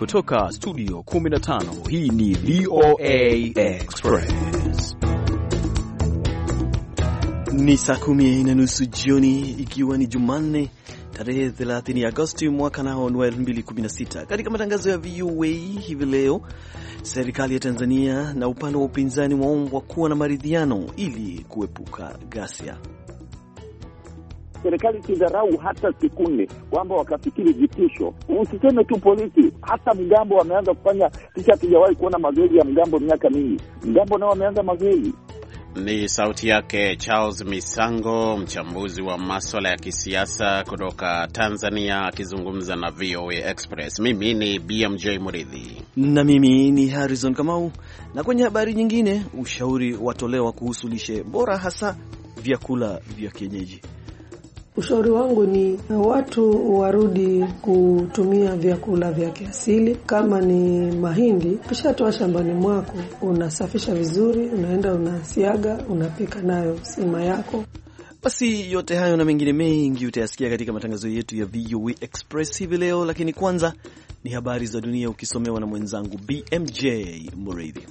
Kutoka studio 15 hii ni VOA Express. Ni saa kumi na nusu jioni ikiwa ni Jumanne tarehe 30 Agosti mwaka nao ni wa 2016. Katika matangazo ya VOA hivi leo, serikali ya Tanzania na upande wa upinzani waombwa kuwa na maridhiano ili kuepuka ghasia serikali kidharau hata siku nne, kwamba wakafikiri vitisho. Usiseme tu polisi, hata mgambo wameanza kufanya. Sisi hatujawahi kuona mazoezi ya mgambo miaka mingi, mgambo nao wameanza mazoezi. Ni sauti yake Charles Misango, mchambuzi wa maswala ya kisiasa kutoka Tanzania, akizungumza na VOA Express. Mimi ni BMJ Muridhi na mimi ni Harrison Kamau. Na kwenye habari nyingine, ushauri watolewa kuhusu lishe bora, hasa vyakula vya kienyeji. Ushauri wangu ni watu warudi kutumia vyakula vya kiasili. Kama ni mahindi, ukishatoa shambani mwako unasafisha vizuri, unaenda unasiaga, unapika nayo sima yako. Basi yote hayo na mengine mengi utayasikia katika matangazo yetu ya VOA e Express hivi leo, lakini kwanza ni habari za dunia ukisomewa na mwenzangu BMJ Muridhi.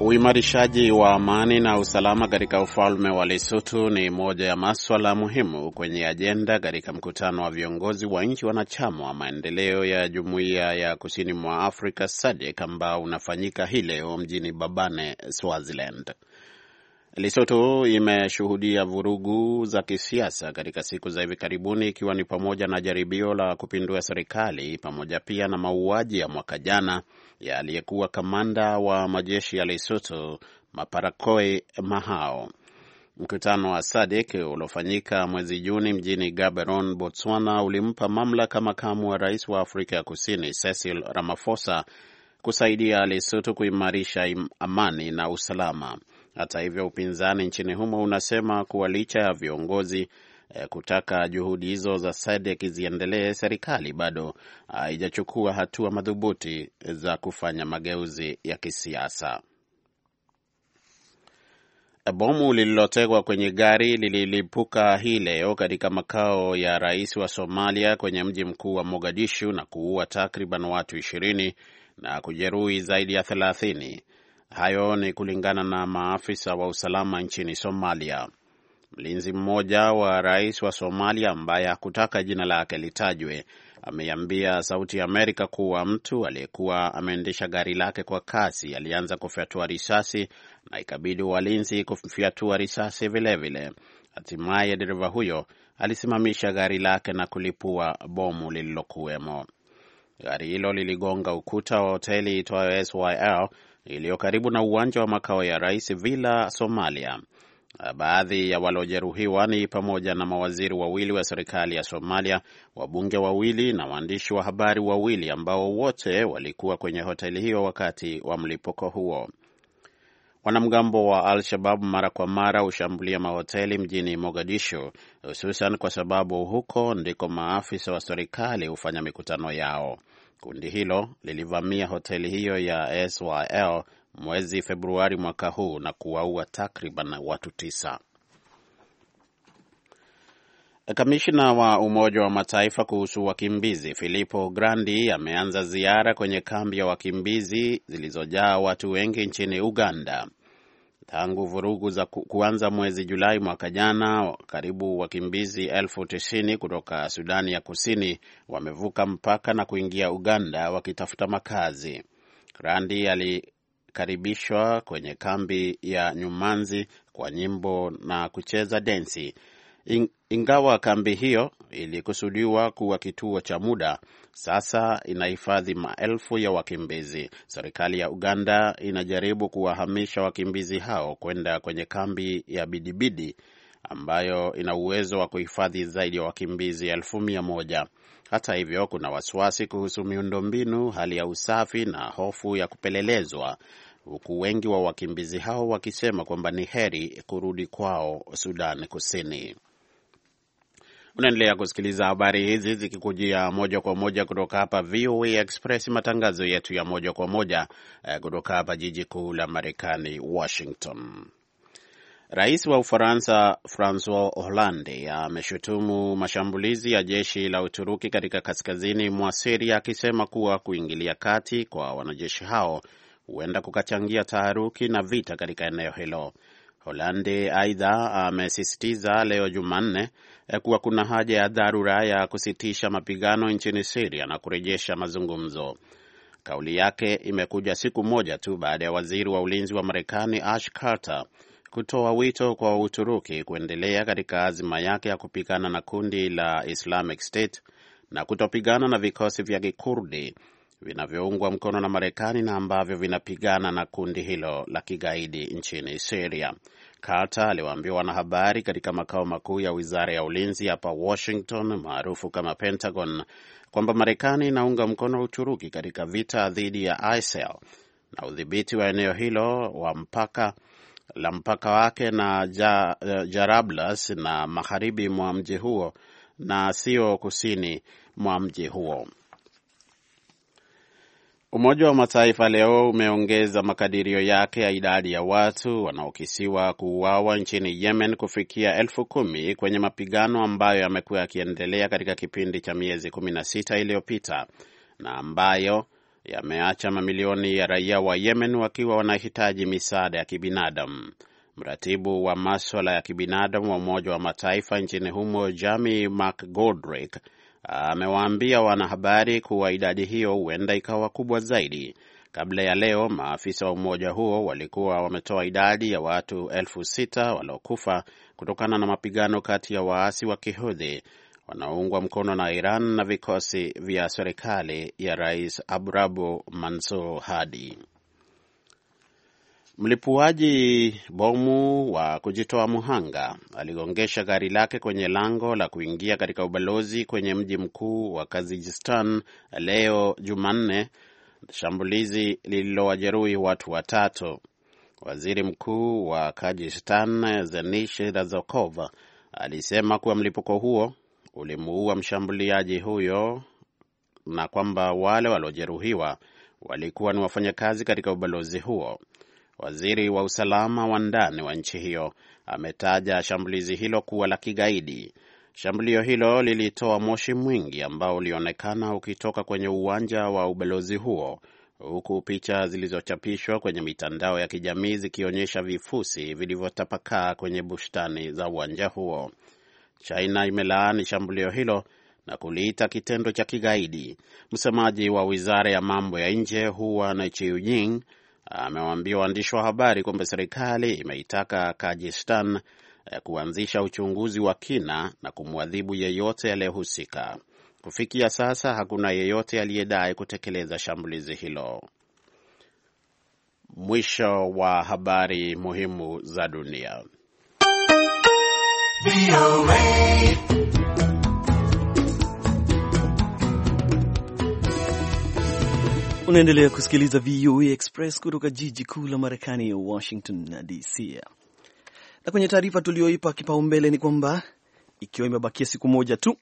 Uimarishaji wa amani na usalama katika ufalme wa Lesotho ni moja ya maswala muhimu kwenye ajenda katika mkutano wa viongozi wa nchi wanachama wa maendeleo ya jumuiya ya kusini mwa Afrika SADC ambao unafanyika hii leo mjini Babane, Swaziland. Lesotho imeshuhudia vurugu za kisiasa katika siku za hivi karibuni, ikiwa ni pamoja na jaribio la kupindua serikali pamoja pia na mauaji ya mwaka jana ya aliyekuwa kamanda wa majeshi ya Lesotho Maparakoi Mahao. Mkutano wa SADC uliofanyika mwezi Juni mjini Gaborone, Botswana, ulimpa mamlaka makamu wa rais wa Afrika ya Kusini Cecil Ramaphosa kusaidia Lesotho kuimarisha amani na usalama. Hata hivyo, upinzani nchini humo unasema kuwa licha ya viongozi eh, kutaka juhudi hizo za SADC ziendelee, serikali bado haijachukua hatua madhubuti za kufanya mageuzi ya kisiasa. Bomu lililotegwa kwenye gari lililipuka hii leo katika makao ya rais wa Somalia kwenye mji mkuu wa Mogadishu na kuua takriban watu ishirini na kujeruhi zaidi ya thelathini. Hayo ni kulingana na maafisa wa usalama nchini Somalia. Mlinzi mmoja wa rais wa Somalia ambaye hakutaka jina lake litajwe ameiambia Sauti ya Amerika kuwa mtu aliyekuwa ameendesha gari lake kwa kasi alianza kufyatua risasi na ikabidi walinzi kufyatua risasi vilevile. Hatimaye dereva huyo alisimamisha gari lake na kulipua bomu lililokuwemo. Gari hilo liligonga ukuta wa hoteli itwayo SYL iliyo karibu na uwanja wa makao ya rais Villa, Somalia. Baadhi ya waliojeruhiwa ni pamoja na mawaziri wawili wa serikali ya Somalia, wabunge wawili na waandishi wa habari wawili ambao wote walikuwa kwenye hoteli hiyo wakati wa mlipuko huo. Wanamgambo wa Al-Shabab mara kwa mara hushambulia mahoteli mjini Mogadishu, hususan kwa sababu huko ndiko maafisa wa serikali hufanya mikutano yao. Kundi hilo lilivamia hoteli hiyo ya SYL mwezi Februari mwaka huu na kuwaua takriban watu tisa. Kamishna wa Umoja wa Mataifa kuhusu wakimbizi Filippo Grandi ameanza ziara kwenye kambi ya wakimbizi zilizojaa watu wengi nchini Uganda. Tangu vurugu za kuanza mwezi Julai mwaka jana, karibu wakimbizi elfu tisini kutoka Sudani ya Kusini wamevuka mpaka na kuingia Uganda wakitafuta makazi. Randi alikaribishwa kwenye kambi ya Nyumanzi kwa nyimbo na kucheza densi. Ingawa kambi hiyo ilikusudiwa kuwa kituo cha muda, sasa inahifadhi maelfu ya wakimbizi. Serikali ya Uganda inajaribu kuwahamisha wakimbizi hao kwenda kwenye kambi ya Bidibidi ambayo ina uwezo wa kuhifadhi zaidi ya wakimbizi elfu mia moja. Hata hivyo, kuna wasiwasi kuhusu miundombinu, hali ya usafi na hofu ya kupelelezwa, huku wengi wa wakimbizi hao wakisema kwamba ni heri kurudi kwao Sudan Kusini. Unaendelea kusikiliza habari hizi zikikujia moja kwa moja kutoka hapa VOA Express, matangazo yetu ya moja kwa moja eh, kutoka hapa jiji kuu la Marekani, Washington. Rais wa Ufaransa Francois Hollande ameshutumu mashambulizi ya jeshi la Uturuki katika kaskazini mwa Siria akisema kuwa kuingilia kati kwa wanajeshi hao huenda kukachangia taharuki na vita katika eneo hilo. Hollande aidha amesisitiza leo Jumanne Eh, kuwa kuna haja ya dharura ya kusitisha mapigano nchini Siria na kurejesha mazungumzo. Kauli yake imekuja siku moja tu baada ya waziri wa ulinzi wa Marekani Ash Carter kutoa wito kwa Uturuki kuendelea katika azima yake ya kupigana na kundi la Islamic State na kutopigana na vikosi vya Kikurdi vinavyoungwa mkono na Marekani na ambavyo vinapigana na kundi hilo la kigaidi nchini siria Carter aliwaambia wanahabari katika makao makuu ya wizara ya ulinzi hapa Washington, maarufu kama Pentagon, kwamba Marekani inaunga mkono Uturuki katika vita dhidi ya ISIL na udhibiti wa eneo hilo wa mpaka la mpaka wake na ja, eh, Jarablus na magharibi mwa mji huo na sio kusini mwa mji huo. Umoja wa Mataifa leo umeongeza makadirio yake ya idadi ya watu wanaokisiwa kuuawa nchini Yemen kufikia elfu kumi kwenye mapigano ambayo yamekuwa yakiendelea katika kipindi cha miezi sita iliyopita na ambayo yameacha mamilioni ya raia wa Yemen wakiwa wanahitaji misaada ya kibinadamu. Mratibu wa maswala ya kibinadamu wa Umoja wa Mataifa nchini humo Jami McGoldrick amewaambia wanahabari kuwa idadi hiyo huenda ikawa kubwa zaidi. Kabla ya leo, maafisa wa umoja huo walikuwa wametoa idadi ya watu elfu sita waliokufa kutokana na mapigano kati ya waasi wa kihudhi wanaoungwa mkono na Iran na vikosi vya serikali ya Rais Aburabu Mansur Hadi. Mlipuaji bomu wa kujitoa muhanga aligongesha gari lake kwenye lango la kuingia katika ubalozi kwenye mji mkuu wa Kazijistan leo Jumanne, shambulizi lililowajeruhi watu watatu. Waziri Mkuu wa Kazijistan Zenish razokov alisema kuwa mlipuko huo ulimuua mshambuliaji huyo na kwamba wale waliojeruhiwa walikuwa ni wafanyakazi katika ubalozi huo. Waziri wa usalama wa ndani wa nchi hiyo ametaja shambulizi hilo kuwa la kigaidi. Shambulio hilo lilitoa moshi mwingi ambao ulionekana ukitoka kwenye uwanja wa ubalozi huo, huku picha zilizochapishwa kwenye mitandao ya kijamii zikionyesha vifusi vilivyotapakaa kwenye bustani za uwanja huo. China imelaani shambulio hilo na kuliita kitendo cha kigaidi. Msemaji wa wizara ya mambo ya nje Hua Nachiujing amewaambia waandishi wa habari kwamba serikali imeitaka Kajistan eh, kuanzisha uchunguzi wa kina na kumwadhibu yeyote aliyehusika. Kufikia sasa hakuna yeyote aliyedai kutekeleza shambulizi hilo. Mwisho wa habari muhimu za dunia. Unaendelea kusikiliza VOA Express kutoka jiji kuu la Marekani Washington DC. Na kwenye taarifa tuliyoipa kipaumbele ni kwamba ikiwa imebakia siku moja tu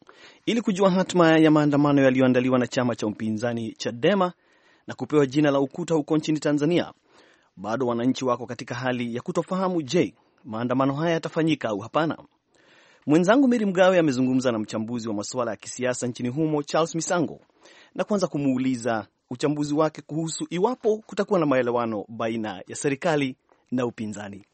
ili kujua hatma ya maandamano yaliyoandaliwa na chama cha upinzani Chadema na kupewa jina la Ukuta huko nchini Tanzania, bado wananchi wako katika hali ya kutofahamu, je, maandamano haya yatafanyika au hapana? Mwenzangu Miri Mgawe amezungumza na mchambuzi wa masuala ya kisiasa nchini humo Charles Misango na kuanza kumuuliza uchambuzi wake kuhusu iwapo kutakuwa na maelewano baina ya serikali na upinzani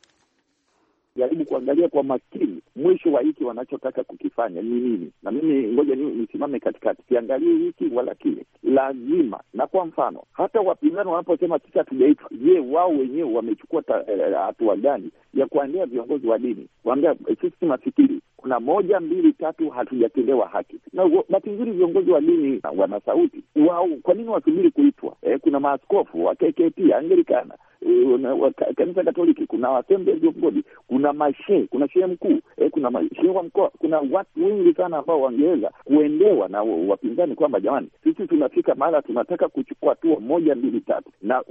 jaribu kuangalia kwa makini mwisho wa hiki wanachotaka kukifanya ni nini, na mimi ngoja nisimame katikati, kiangalie hiki wala kile, lazima na kwa mfano, hata wapinzani wanaposema sisi hatujaitwa, je, wao wenyewe wamechukua eh, eh, hatua e, gani ya kuandia viongozi wa dini e, sisi masikili kuna moja mbili tatu, hatujatendewa haki. Na bahati nzuri viongozi wa dini wana sauti wao, kwa nini wasubiri kuitwa? E, kuna maaskofu wa KKT Anglikana Eh, kanisa Katoliki, kuna assemblies of God, kuna mashehe, kuna shehe mkuu eh, kuna mashehe wa mkoa, kuna watu wengi sana ambao wangeweza kuendewa na wapinzani kwamba jamani, sisi tunafika mahala tunataka kuchukua hatua moja mbili tatu, na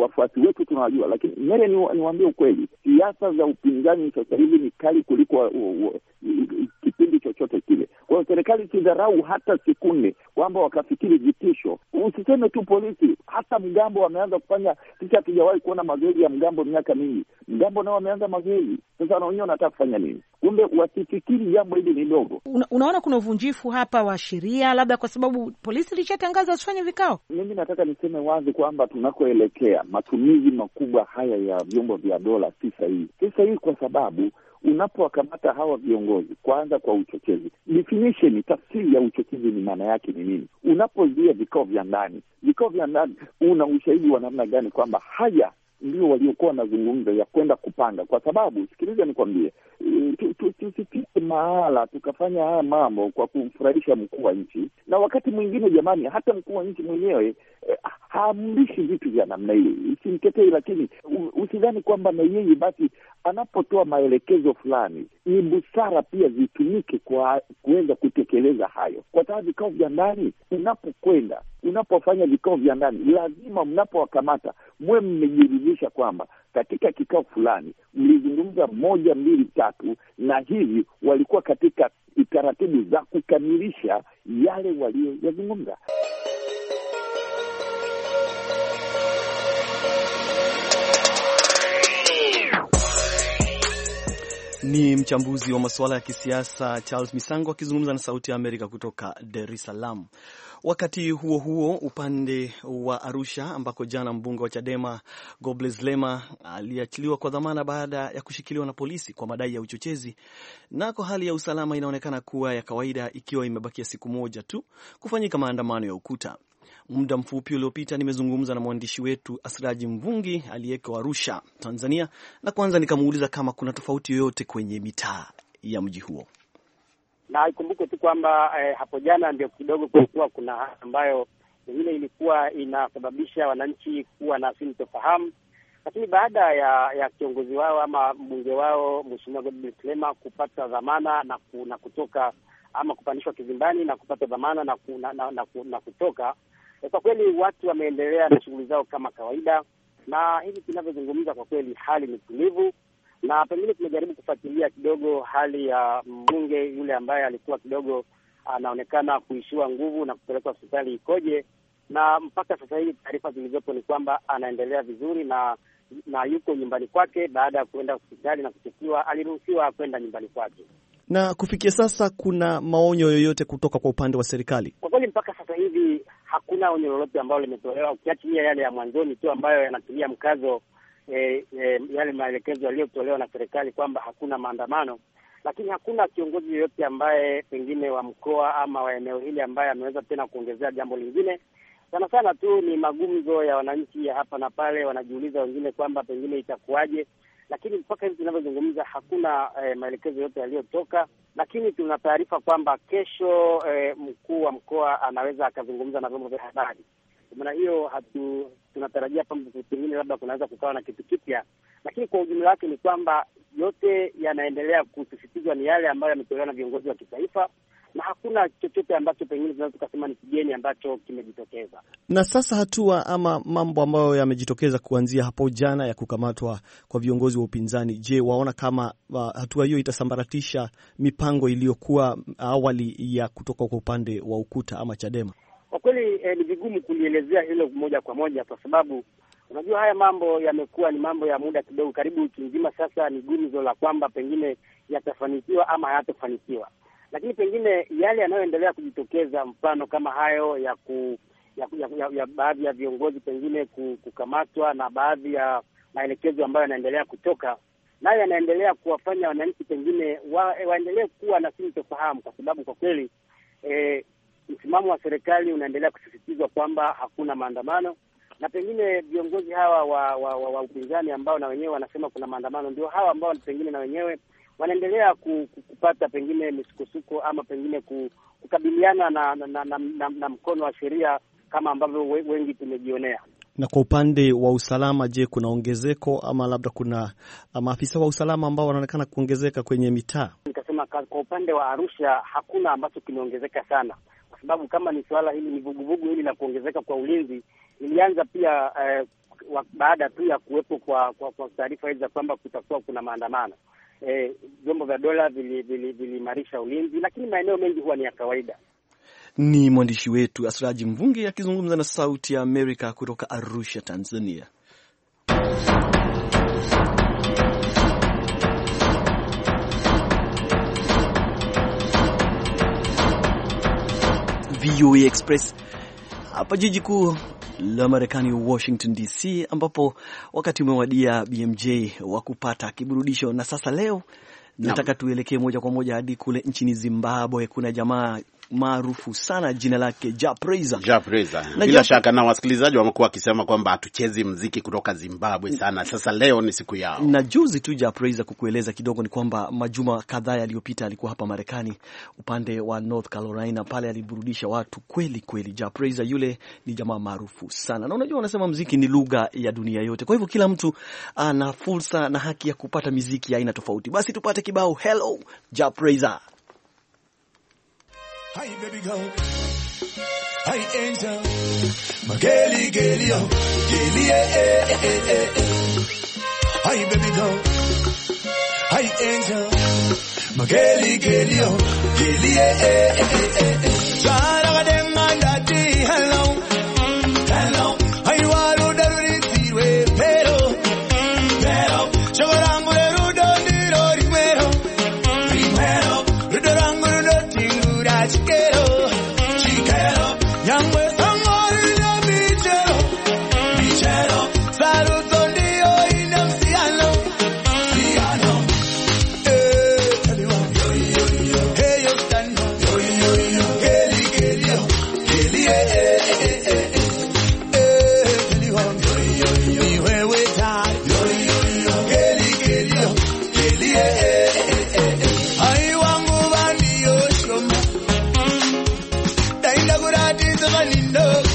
wafuasi wetu tunawajua. Lakini mele niwaambie ukweli, siasa za upinzani sasa hivi ni kali kuliko uh, uh, kipindi chochote kile. Kwa hiyo serikali isidharau hata siku nne kwamba wakafikiri vitisho. Usiseme tu polisi, hata mgambo wameanza kufanya. Sisi hatujawahi kuona mazoezi ya mgambo miaka mingi, mgambo nao wameanza mazoezi sasa, na wenyewe wanataka kufanya nini? Kumbe wasifikiri jambo hili ni dogo. Una, unaona kuna uvunjifu hapa wa sheria, labda kwa sababu polisi ilishatangaza wasifanye vikao. Mimi nataka niseme wazi kwamba tunakoelekea matumizi makubwa haya ya vyombo vya dola si sahihi, si sahihi kwa sababu unapowakamata hawa viongozi, kwanza kwa uchochezi, definition, tafsiri ya uchochezi ni maana yake ni nini? Unapozuia vikao vya ndani, vikao vya ndani, una ushahidi wa namna gani kwamba haya ndio waliokuwa wanazungumza ya kwenda kupanga? Kwa sababu sikiliza, nikwambie, tusipite mahala tukafanya haya mambo kwa kumfurahisha mkuu wa nchi, na wakati mwingine jamani, hata mkuu wa nchi mwenyewe eh, haamrishi vitu vya namna hiyo. Simtetei, lakini usidhani kwamba na yeye basi anapotoa maelekezo fulani, ni busara pia zitumike kwa kuweza kutekeleza hayo, kwa sababu vikao vya ndani, unapokwenda unapofanya vikao vya ndani, lazima mnapowakamata mwe mmejiridhisha kwamba katika kikao fulani mlizungumza moja mbili tatu, na hivi walikuwa katika taratibu za kukamilisha yale waliyoyazungumza. Ni mchambuzi wa masuala ya kisiasa Charles Misango akizungumza na Sauti ya Amerika kutoka Dar es Salaam. Wakati huo huo, upande wa Arusha ambako jana mbunge wa Chadema Gobles Lema aliachiliwa kwa dhamana baada ya kushikiliwa na polisi kwa madai ya uchochezi, nako hali ya usalama inaonekana kuwa ya kawaida, ikiwa imebakia siku moja tu kufanyika maandamano ya Ukuta. Muda mfupi uliopita nimezungumza na mwandishi wetu Asraji Mvungi aliyeko Arusha, Tanzania, na kwanza nikamuuliza kama kuna tofauti yoyote kwenye mitaa ya mji huo na ikumbukwe tu kwamba eh, hapo jana ndio kidogo kulikuwa kuna hali ambayo pengine ilikuwa inasababisha wananchi kuwa na sintofahamu, lakini baada ya ya kiongozi wao ama mbunge wao Mheshimiwa Godbless Lema kupata dhamana na, ku, na kutoka ama kupandishwa kizimbani na kupata dhamana na, ku, na, na, na, na kutoka eh, kwa kweli watu wameendelea na shughuli zao kama kawaida, na hivi tunavyozungumza, kwa kweli hali ni tulivu na pengine tumejaribu kufuatilia kidogo hali ya mbunge yule ambaye alikuwa kidogo anaonekana kuishiwa nguvu na kupelekwa hospitali ikoje, na mpaka sasa hivi taarifa zilizopo ni kwamba anaendelea vizuri na na yuko nyumbani kwake. Baada ya kuenda hospitali na kuchukiwa, aliruhusiwa kwenda nyumbani kwake. Na kufikia sasa, kuna maonyo yoyote kutoka kwa upande wa serikali? Kwa kweli, mpaka sasa hivi hakuna onyo lolote ambalo limetolewa, ukiachilia yale ya mwanzoni tu ambayo yanatilia mkazo e, e, yale maelekezo yaliyotolewa na serikali kwamba hakuna maandamano, lakini hakuna kiongozi yoyote ambaye pengine wa mkoa ama wa eneo hili ambaye ameweza tena kuongezea jambo lingine. Sana sana tu ni magumzo ya wananchi ya hapa na pale, wanajiuliza wengine kwamba pengine itakuwaje, lakini mpaka hivi tunavyozungumza hakuna eh, maelekezo yote yaliyotoka, lakini tuna taarifa kwamba kesho eh, mkuu wa mkoa anaweza akazungumza na vyombo vya habari kwa maana hiyo hatu, tunatarajia kwamba pengine labda kunaweza kukawa na kitu kipya, lakini kwa ujumla wake ni kwamba yote yanaendelea kusisitizwa ni yale ambayo yametolewa na viongozi wa kitaifa na hakuna chochote ambacho pengine tunaweza tukasema ni kigeni ambacho kimejitokeza. Na sasa hatua ama mambo ambayo yamejitokeza kuanzia hapo jana ya kukamatwa kwa viongozi wa upinzani, je, waona kama wa uh, hatua hiyo itasambaratisha mipango iliyokuwa awali ya kutoka kwa upande wa Ukuta ama Chadema? Kwa kweli eh, ni vigumu kulielezea hilo moja kwa moja, kwa sababu unajua haya mambo yamekuwa ni mambo ya muda kidogo, karibu wiki nzima sasa, ni gumzo la kwamba pengine yatafanikiwa ama hayatofanikiwa lakini pengine yale yanayoendelea kujitokeza, mfano kama hayo ya ku ya, ya, ya, ya baadhi ya viongozi pengine kukamatwa na baadhi ya maelekezo ambayo yanaendelea kutoka nayo yanaendelea kuwafanya wananchi pengine wa, waendelee kuwa na sintofahamu, kwa sababu kwa kweli eh, msimamo wa serikali unaendelea kusisitizwa kwamba hakuna maandamano, na pengine viongozi hawa wa, wa, wa, wa upinzani ambao na wenyewe wanasema kuna maandamano, ndio hawa ambao pengine na wenyewe wanaendelea kupata pengine misukosuko ama pengine kukabiliana na, na, na, na, na mkono wa sheria kama ambavyo wengi tumejionea. Na kwa upande wa usalama, je, kuna ongezeko ama labda kuna maafisa wa usalama ambao wanaonekana kuongezeka kwenye mitaa? Nikasema kwa upande wa Arusha hakuna ambacho kimeongezeka sana, sababu kama ni suala hili ni vuguvugu hili la kuongezeka kwa ulinzi ilianza pia eh, baada tu ya kuwepo kwa kwa, kwa taarifa hizi za kwamba kutakuwa kuna maandamano eh, vyombo eh, vya dola viliimarisha vili, vili ulinzi, lakini maeneo mengi huwa ni ya kawaida. Ni mwandishi wetu Asraji mvunge akizungumza na Sauti ya Amerika kutoka Arusha, Tanzania. VOA Express hapa jiji kuu la Marekani, Washington DC, ambapo wakati umewadia BMJ wa kupata kiburudisho. Na sasa leo nataka tuelekee moja kwa moja hadi kule nchini Zimbabwe. Kuna jamaa maarufu sana jina lake Japreza. Japreza. Na bila Jap... shaka na wasikilizaji wamekuwa wakisema kwamba hatuchezi mziki kutoka Zimbabwe sana. Sasa leo ni siku yao. Na juzi tu Japreza, kukueleza kidogo, ni kwamba majuma kadhaa yaliyopita alikuwa hapa Marekani upande wa North Carolina, pale aliburudisha watu kweli kweli. Japreza yule ni jamaa maarufu sana, na unajua wanasema mziki ni lugha ya dunia yote, kwa hivyo kila mtu ana fursa na haki ya kupata miziki ya aina tofauti. Basi tupate kibao Hello Japreza. Hi, baby girl. Hi, angel. My girlie, girlie, oh. Girlie, eh, eh, eh, eh, eh, eh. Hi, baby girl. Hi, angel. My girlie, girlie, oh. Girlie, eh, eh, eh, eh, eh. Try to get my daddy, hello. money, no.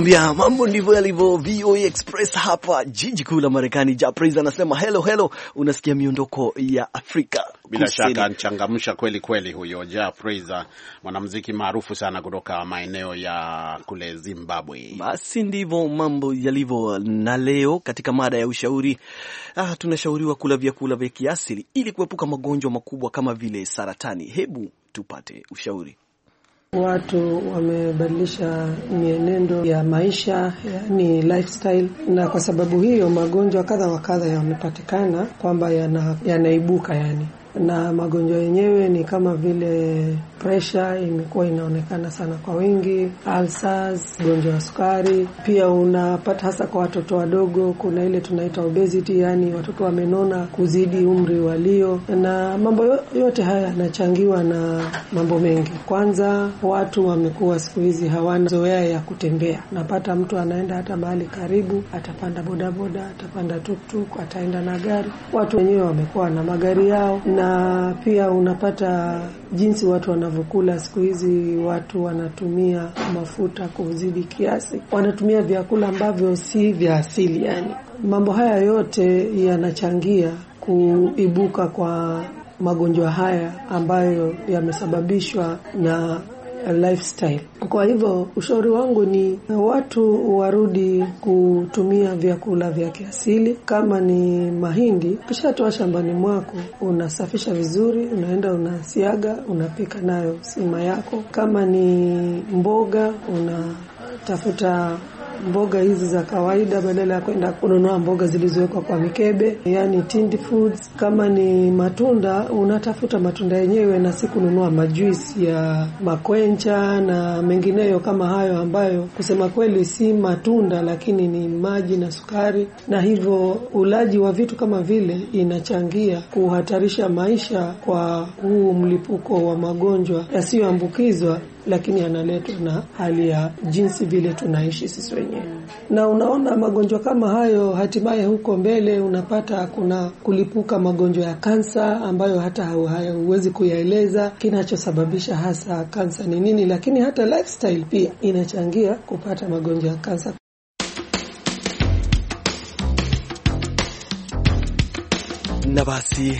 nakwambia mambo ndivyo yalivyo. VOA Express hapa jiji kuu la Marekani. Japris anasema helo helo, unasikia miondoko ya Afrika bila Kusini. shaka anchangamsha kweli kweli huyo Japris, ah, mwanamuziki maarufu sana kutoka maeneo ya kule Zimbabwe. Basi ndivyo mambo yalivyo. Na leo katika mada ya ushauri, ah, tunashauriwa kula vyakula vya kiasili ili kuepuka magonjwa makubwa kama vile saratani. Hebu tupate ushauri. Watu wamebadilisha mienendo ya maisha, yani lifestyle, na kwa sababu hiyo magonjwa kadha wa kadha yamepatikana kwamba yana, yanaibuka yani na magonjwa yenyewe ni kama vile presha imekuwa inaonekana sana kwa wingi, ulcers, ugonjwa wa sukari pia unapata hasa kwa watoto wadogo. Kuna ile tunaita obesity, yani watoto wamenona kuzidi umri walio, na mambo yote haya yanachangiwa na mambo mengi. Kwanza, watu wamekuwa siku hizi hawana zoea ya kutembea. Unapata mtu anaenda hata mahali karibu, atapanda bodaboda, atapanda tuktuk, ataenda na gari. Watu wenyewe wamekuwa na magari yao na na pia unapata jinsi watu wanavyokula siku hizi. Watu wanatumia mafuta kuzidi kiasi, wanatumia vyakula ambavyo si vya asili. Yani mambo haya yote yanachangia kuibuka kwa magonjwa haya ambayo yamesababishwa na Eh, lifestyle. Kwa hivyo ushauri wangu ni watu warudi kutumia vyakula vya kiasili. Kama ni mahindi, ukishatoa shambani mwako unasafisha vizuri, unaenda unasiaga, unapika nayo sima yako. Kama ni mboga, unatafuta mboga hizi za kawaida badala ya kwenda kununua mboga zilizowekwa kwa mikebe, yani tinned foods. Kama ni matunda, unatafuta matunda yenyewe na si kununua majuisi ya makwencha na mengineyo kama hayo, ambayo kusema kweli si matunda, lakini ni maji na sukari, na hivyo ulaji wa vitu kama vile inachangia kuhatarisha maisha kwa huu mlipuko wa magonjwa yasiyoambukizwa lakini analetwa na hali ya jinsi vile tunaishi sisi wenyewe. Na unaona magonjwa kama hayo, hatimaye huko mbele unapata kuna kulipuka magonjwa ya kansa ambayo hata huwezi kuyaeleza kinachosababisha hasa kansa ni nini, lakini hata lifestyle pia inachangia kupata magonjwa ya kansa. Na basi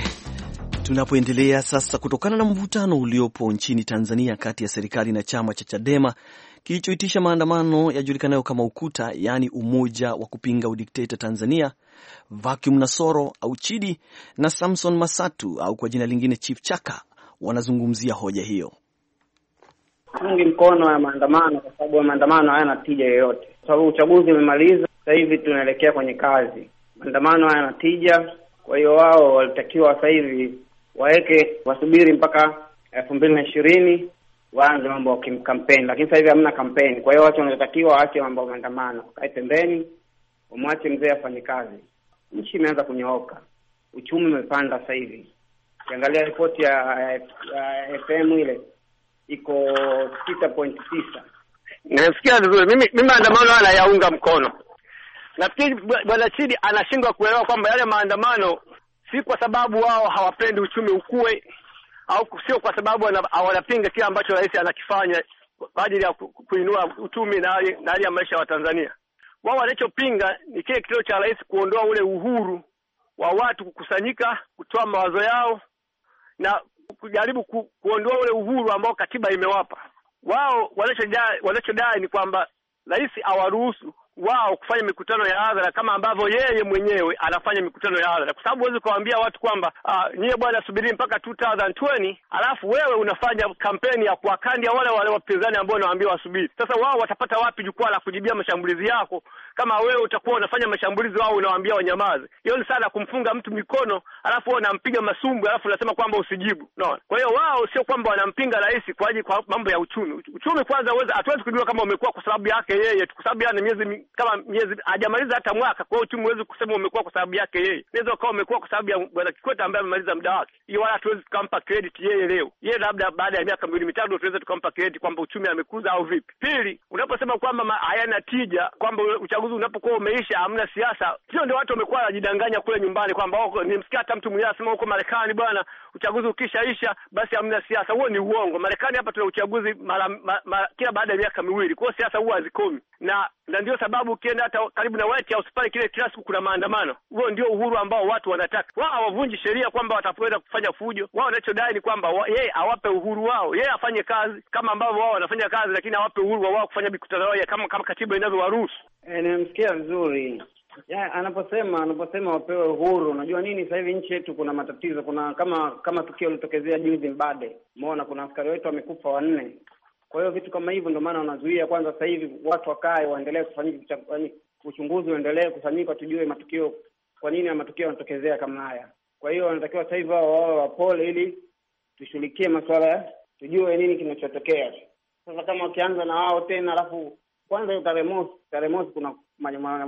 Tunapoendelea sasa, kutokana na mvutano uliopo nchini Tanzania kati ya serikali na chama cha Chadema kilichoitisha maandamano yajulikanayo kama Ukuta, yaani umoja wa kupinga udikteta Tanzania, Vacuum Nasoro au Chidi na Samson Masatu au kwa jina lingine Chief Chaka wanazungumzia hoja hiyo. Ungi mkono ya maandamano kwa sababu maandamano hayana tija yoyote, kwa sababu uchaguzi umemaliza. Sasa hivi tunaelekea kwenye kazi, maandamano hayana tija. Kwa hiyo wao walitakiwa sasa hivi waweke wasubiri mpaka eh, elfu mbili na ishirini waanze mambo ya kampeni, lakini sasa hivi hamna kampeni. Kwa hiyo watu wanatakiwa waache mambo maandamano, kae pembeni, wamwache mzee afanye kazi. Nchi imeanza kunyooka, uchumi umepanda sasa hivi. Ukiangalia ripoti ya, ya FM ile iko sita point tisa. Nasikia vizuri mimi, mimi maandamano haya nayaunga mkono. Nafikiri bwana Chidi anashindwa kuelewa kwamba yale maandamano si kwa sababu wao hawapendi uchumi ukue, au sio kwa sababu wanapinga kile ambacho rais anakifanya kwa ajili ya kuinua uchumi na hali ya maisha ya Watanzania. Wao wanachopinga ni kile kitendo cha rais kuondoa ule uhuru wa watu kukusanyika, kutoa mawazo yao na kujaribu ku, kuondoa ule uhuru ambao katiba imewapa wao. Wanachodai ni kwamba rais awaruhusu wao kufanya mikutano ya hadhara kama ambavyo yeye mwenyewe anafanya mikutano ya hadhara, kwa sababu huwezi ukawaambia watu kwamba uh, nyie bwana subiri mpaka 2020 alafu wewe unafanya kampeni ya kuwakandia wale wale wapinzani ambao unawaambia wasubiri. Sasa wao watapata wapi jukwaa la kujibia mashambulizi yako kama wewe utakuwa unafanya mashambulizi, wao unawaambia wanyamaze, hiyo ni sala kumfunga mtu mikono, alafu unampiga masumbu, alafu unasema kwamba usijibu. Unaona, kwa hiyo wao sio kwamba wanampinga rais kwa ajili kwa mambo ya uchumi. Uchumi kwanza, uweza hatuwezi kujua kama umekuwa kwa sababu yake yeye, kwa sababu yeye ni miezi kama miezi hajamaliza hata mwaka. Kwa hiyo uchumi huwezi kusema umekuwa kwa sababu yake yeye, inaweza ukawa umekuwa kwa sababu ya bwana Kikwete ambaye amemaliza muda wake. Hiyo wala hatuwezi tukampa credit yeye leo, yeye labda baada ya miaka miwili mitatu tuweze tukampa credit kwamba uchumi amekuza au vipi. Pili, unaposema kwamba hayana tija kwamba uchaguzi uchaguzi unapokuwa umeisha, hamna siasa, sio ndio? Watu wamekuwa wanajidanganya kule nyumbani kwamba nimsikia hata mtu mwenyewe asema huko Marekani bwana, uchaguzi ukishaisha basi hamna siasa. Huo ni uongo. Marekani hapa tuna uchaguzi mara, ma, ma, kila baada ya miaka miwili, kwa hiyo siasa huwa hazikomi, na na ndio sababu ukienda hata karibu na White House pale kile kila siku kuna maandamano. Huo ndio uhuru ambao watu wanataka. Wao hawavunji sheria kwamba watapoweza kufanya fujo. Wao wanachodai ni kwamba yeye awape uhuru wao, yeye afanye kazi kama ambavyo wao wanafanya kazi, lakini awape uhuru wa wao kufanya mikutano yao kama kama katiba inavyowaruhusu. E, nimemsikia vizuri ya, anaposema anaposema wapewe uhuru. Unajua nini, sasa hivi nchi yetu kuna matatizo, kuna kama kama tukio lilitokezea juzi Mbade, umeona kuna askari wetu wamekufa wanne. Kwa hiyo vitu kama hivyo ndio maana wanazuia kwanza. Sasa hivi watu wakae, waendelee kufanyika, uchunguzi uendelee kufanyika, tujue matukio, kwa nini ya matukio yanatokezea kama haya. Kwa hiyo wanatakiwa sasa hivi wao wawe wapole, ili tushughulikie masuala, tujue nini kinachotokea. Sasa kama wakianza na wao tena alafu kwanza hiyo tarehe mosi, tarehe mosi kuna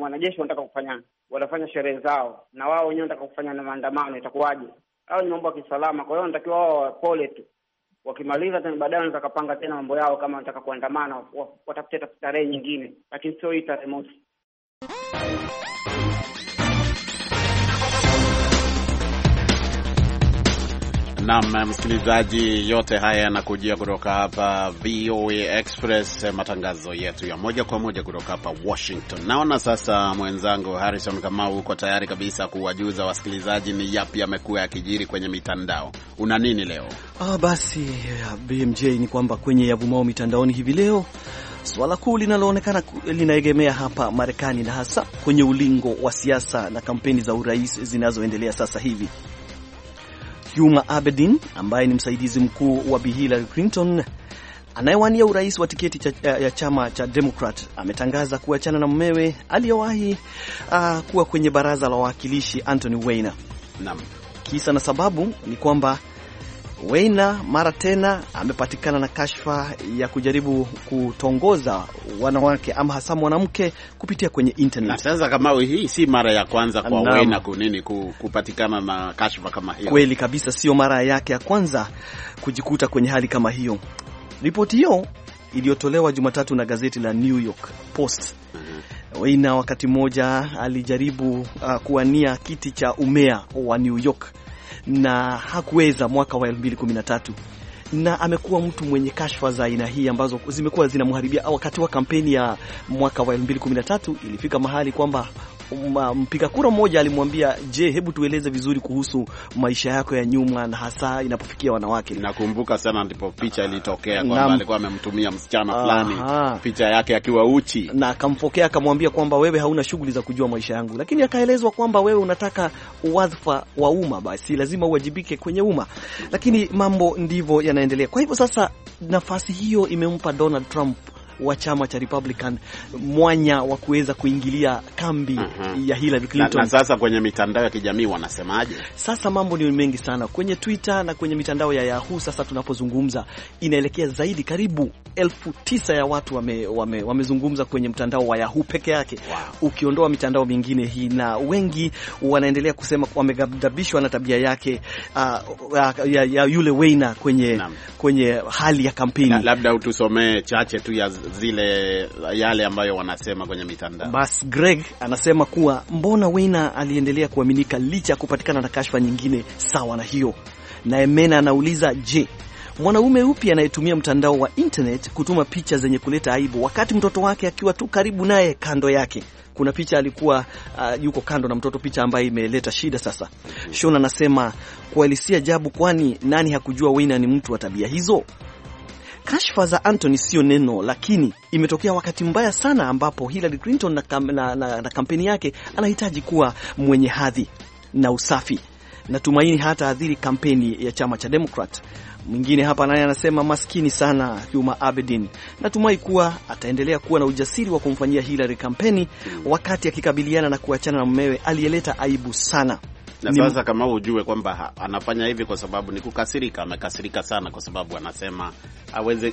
wanajeshi wanataka kufanya, wanafanya sherehe zao na wao wenyewe wanataka kufanya na maandamano, itakuwaje? Au ni mambo ya kisalama? Kwa hiyo wanatakiwa wao wapole tu, wakimaliza tena baadaye wanaweza kapanga tena mambo yao, kama wanataka kuandamana watafute tarehe nyingine, lakini sio hii tarehe mosi. Nam msikilizaji, yote haya yanakujia kutoka hapa VOA Express, matangazo yetu ya moja kwa moja kutoka hapa Washington. Naona sasa mwenzangu Harrison Kamau uko tayari kabisa kuwajuza wasikilizaji ni yapi amekuwa yakijiri kwenye mitandao. Una nini leo? Ah, basi BMJ, ni kwamba kwenye yavumao mitandaoni hivi leo Swala kuu linaloonekana linaegemea hapa Marekani na hasa kwenye ulingo wa siasa na kampeni za urais zinazoendelea sasa hivi. Huma Abedin ambaye ni msaidizi mkuu wa Bi Hillary Clinton anayewania urais wa tiketi cha, ya, eh, ya chama cha Democrat ametangaza kuachana na mumewe aliyewahi uh, kuwa kwenye baraza la wawakilishi Anthony Weiner. Naam, kisa na sababu ni kwamba Weina mara tena amepatikana na kashfa ya kujaribu kutongoza wanawake ama hasa mwanamke kupitia kwenye internet. Sasa kama hii si mara ya kwanza kwa na, Weina kunini kupatikana na kashfa kama hiyo. Kweli kabisa, sio mara yake ya kwanza kujikuta kwenye hali kama hiyo. Ripoti hiyo iliyotolewa Jumatatu na gazeti la New York Post mhm. Weina wakati mmoja alijaribu uh, kuwania kiti cha umea wa New York na hakuweza mwaka wa 2013 na amekuwa mtu mwenye kashfa za aina hii ambazo zimekuwa zinamharibia. Wakati wa kampeni ya mwaka wa 2013 ilifika mahali kwamba Um, um, mpiga kura mmoja alimwambia, je, hebu tueleze vizuri kuhusu maisha yako ya nyuma, na hasa inapofikia wanawake. Nakumbuka sana ndipo picha ilitokea kwamba alikuwa amemtumia msichana fulani picha yake akiwa uchi, na akampokea akamwambia kwamba wewe hauna shughuli za kujua maisha yangu, lakini akaelezwa kwamba wewe unataka wadhifa wa umma, basi lazima uwajibike kwenye umma. Lakini mambo ndivyo yanaendelea. Kwa hivyo sasa nafasi hiyo imempa Donald Trump wa chama cha Republican mwanya wa kuweza kuingilia kambi uh mhm. -huh. ya Hillary Clinton. Na, na sasa kwenye mitandao ya kijamii wanasemaje? Sasa mambo ni mengi sana kwenye Twitter na kwenye mitandao ya Yahoo. Sasa tunapozungumza inaelekea zaidi karibu elfu tisa ya watu wamezungumza wame, wame kwenye mtandao wa Yahoo peke yake wow. Ukiondoa mitandao mingine hii, na wengi wanaendelea kusema wamegadhabishwa na tabia yake uh, ya, ya yule Weiner kwenye, kwenye hali ya kampeni. Labda utusomee chache tu ya zile yale ambayo wanasema kwenye mitandao. Bas Greg anasema kuwa mbona Wina aliendelea kuaminika licha ya kupatikana na kashfa nyingine sawa na hiyo. Naye Mena anauliza je, mwanaume upi anayetumia mtandao wa internet kutuma picha zenye kuleta aibu wakati mtoto wake akiwa tu karibu naye kando yake? Kuna picha alikuwa uh, yuko kando na mtoto, picha ambayo imeleta shida. Sasa Shona anasema kweli si ajabu, kwani nani hakujua Wina ni mtu wa tabia hizo? Kashfa za Anthony sio neno, lakini imetokea wakati mbaya sana ambapo Hillary Clinton na, kam, na, na, na kampeni yake anahitaji kuwa mwenye hadhi na usafi. Natumaini hata adhiri kampeni ya chama cha Demokrat. Mwingine hapa naye anasema maskini sana Huma Abedin, natumai kuwa ataendelea kuwa na ujasiri wa kumfanyia Hillary kampeni wakati akikabiliana na kuachana na mmewe aliyeleta aibu sana na ni... Sasa kama ujue kwamba anafanya hivi kwa sababu ni kukasirika, amekasirika sana kwa sababu anasema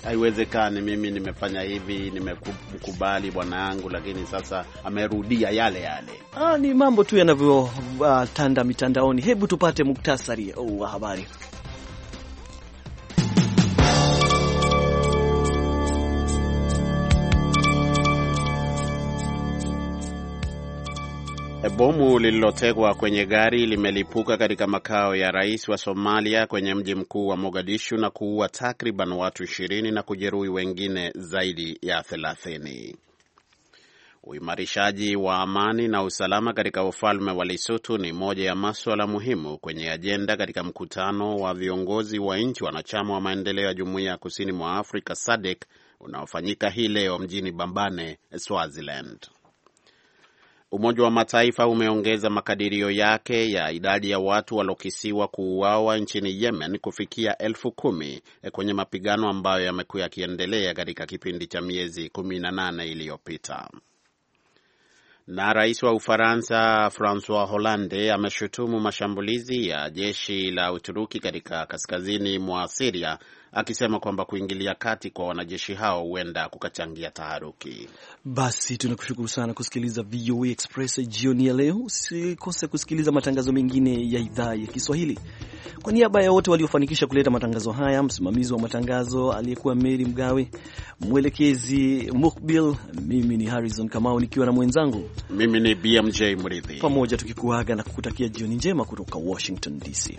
haiwezekani, mimi nimefanya hivi, nimekubali bwana yangu, lakini sasa amerudia yale yale. Ah, ni mambo tu yanavyotanda uh, mitandaoni. Hebu tupate muktasari wa uh, habari. Bomu lililotegwa kwenye gari limelipuka katika makao ya rais wa Somalia kwenye mji mkuu wa Mogadishu na kuua takriban watu ishirini na kujeruhi wengine zaidi ya thelathini. Uimarishaji wa amani na usalama katika ufalme wa Lesotho ni moja ya maswala muhimu kwenye ajenda katika mkutano wa viongozi wa nchi wanachama wa maendeleo ya jumuiya ya kusini mwa Afrika SADC unaofanyika hii leo mjini Bambane, Swaziland. Umoja wa Mataifa umeongeza makadirio yake ya idadi ya watu waliokisiwa kuuawa nchini Yemen kufikia elfu kumi e, kwenye mapigano ambayo yamekuwa yakiendelea katika kipindi cha miezi kumi na nane iliyopita. Na rais wa Ufaransa Francois Hollande ameshutumu mashambulizi ya jeshi la Uturuki katika kaskazini mwa Siria akisema kwamba kuingilia kati kwa wanajeshi hao huenda kukachangia taharuki. Basi tunakushukuru sana kusikiliza VOA e Express jioni ya leo. Usikose kusikiliza matangazo mengine ya idhaa ya Kiswahili. Kwa niaba ya wote waliofanikisha kuleta matangazo haya, msimamizi wa matangazo aliyekuwa Meri Mgawe, mwelekezi Mukbil, mimi ni Harrison Kamau nikiwa na mwenzangu mimi ni BMJ Mridhi, pamoja tukikuaga na kukutakia jioni njema kutoka Washington DC.